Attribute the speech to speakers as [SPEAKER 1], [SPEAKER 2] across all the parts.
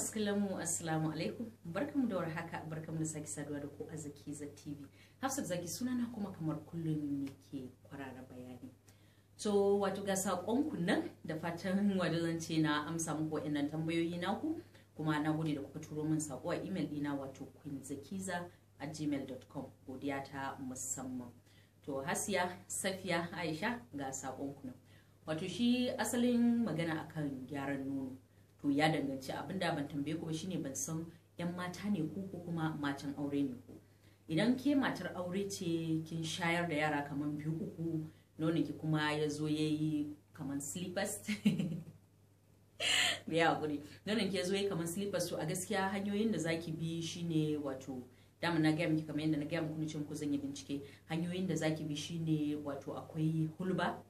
[SPEAKER 1] masu mu assalamu alaikum barkamu da warhaka barkamu da Saki saduwa da ku a Zakiza TV Hafsat Zaki sunana kuma kamar kullum ne ke kwarara bayani to wato ga sakon nan da fatan wato ce na amsa muku wa'annan tambayoyi naku kuma na gode da kuka turo min sako a email dina wato queenzakiza@gmail.com godiya ta musamman to Hasiya Safiya Aisha ga sakon ku nan wato shi asalin magana akan gyaran nono to ya danganci abinda ban tambaye ku ba shine ban san yan mata ne ku ko kuma matan aure ne ku idan ke matar aure ce kin shayar da yara kaman biyu uku nono ki kuma ya zo ya yi kamar ya hakuri nonon ki ya zo kaman slippers to a gaskiya hanyoyin da zaki bi shine wato dama na gaya miki kamar yadda na gaya muku cin ku zan yi bincike hanyoyin da zaki bi shine wato akwai hulba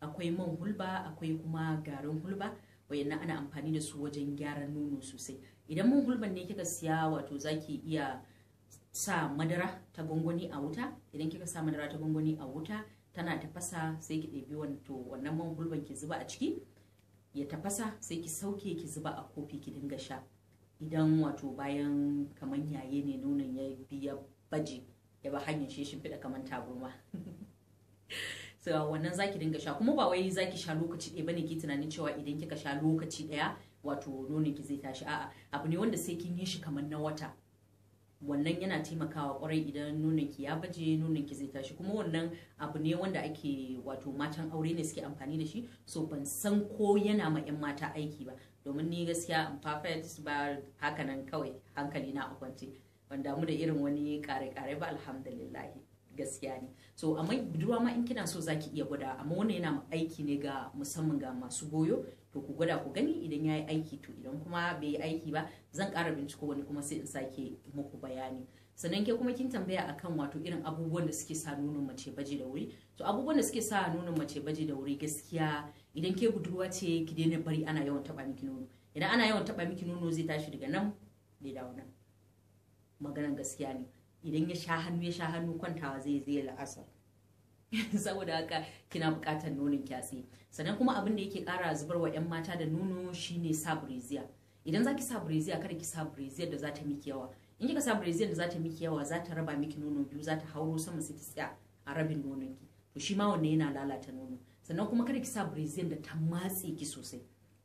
[SPEAKER 1] akwai man hulba akwai kuma garin hulba wayannan ana amfani da su wajen gyaran nono sosai idan mun gulban ne kika siya wato zaki iya sa madara ta gwangwani a wuta idan kika sa madara ta gongoni a wuta tana tafasa sai ki ɗebi wato wannan man gulban ki zuba a ciki ya tafasa sai ki sauke ki zuba a kofi ki dinga sha idan wato bayan kaman yaye ne nonon ya biya baje ya ba hanyar shi shimfiɗa kamar taburma wannan zaki dinga sha kuma ba wai zaki sha lokaci ɗaya bane ki tunanin cewa idan kika sha lokaci ɗaya wato nonon ki zai tashi a'a abu ne wanda sai kin yi shi kamar na wata wannan yana taimakawa kwarai idan nonon ki ya baje nonon ki zai tashi kuma wannan abu ne wanda ake wato matan aure ne suke amfani da shi so ban san ko yana ma yan mata aiki ba domin ni gaskiya in perfect ba haka nan kawai hankali na a kwance ban damu da irin wani kare-kare ba alhamdulillah gaskiya ne so amma budurwa ma in kina so zaki iya gwada amma wannan yana aiki ne ga musamman ga masu goyo to ku gwada ku gani idan yayi aiki to idan kuma bai yi aiki ba zan ƙara binciko wani kuma sai in sake muku bayani sannan ke kuma kin tambaya akan wato irin abubuwan da suke sa nonon mace baje da wuri to abubuwan da suke sa nonon mace baje da wuri gaskiya idan ke budurwa ce ki daina bari ana yawan taba miki nono idan ana yawan taba miki nono zai tashi daga nan da dawo nan maganan gaskiya ne idan ya sha hannu ya sha hannu kwantawa zai zai la'asar saboda haka kina bukatar nonon kyatse. sannan kuma abin da yake kara zubar wa yan mata da nono shine sa breziya idan zaki sa breziya kada ki sa breziya da za ta miki yawa in kika sa breziya da za miki yawa za raba miki nono biyu zata hauro sama sai ta tsaya a rabin nonon ki to shi ma wanne yana lalata nono sannan kuma kada ki sa breziya da ta matse ki sosai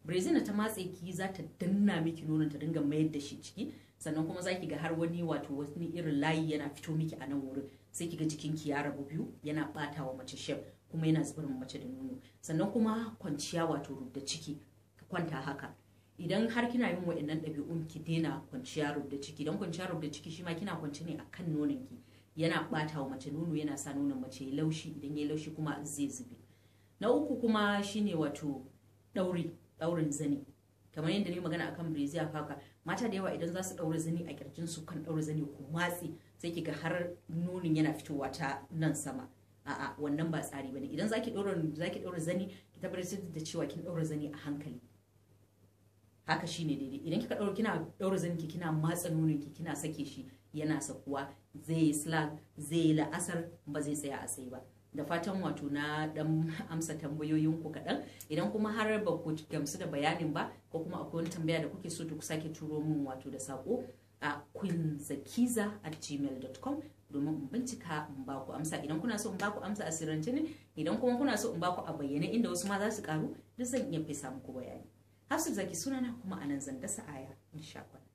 [SPEAKER 1] breziya da ta matse ki za ta danna miki nonon ta dinga mayar da shi ciki sannan kuma zaki ga har wani wato wani irin layi yana fito miki a nan wurin sai kiga jikinki ya rabu biyu yana bata wa mace shef kuma yana zubar mace da nono sannan kuma kwanciya wato rubda ciki kwanta haka idan har kina yin wa'annan ɗabi'un ki daina kwanciya rubda ciki Idan kwanciya rubda ciki shi ma kina kwanci ne akan nonon ki yana bata wa mace nono yana sa nonon mace ya laushi idan ya laushi kuma zai zube na uku kuma shine wato ɗauri ɗaurin zani kamar yadda ni magana akan breziya faka mata da yawa idan za su ɗaura zani a kirjin su kan daura zani ku matsi sai kiga har nonin yana fitowa ta nan sama a'a wannan ba tsari bane idan zaki daura zaki daura zani ki tabbatar da cewa kin daura zani a hankali haka shine daidai idan kika daura kina ɗaura zani ki kina matsa nonin ki kina sake shi yana sakuwa zai yi slag zai yi la'asar ba zai tsaya a sai ba da fatan wato na dan amsa tambayoyin ku kaɗan idan kuma har ba ku gamsu da bayanin ba ko kuma akwai wani tambaya da kuke so ku sake turo min wato da sako a queenzakiza@gmail.com domin in bincika in ba ku amsa idan kuna so in ba ku amsa a sirrance ne idan kuma kuna so in ba ku a bayyane inda wasu ma za su karu duk zan iya fesa muku bayani hafsu zaki sunana kuma anan zan dasa aya insha Allah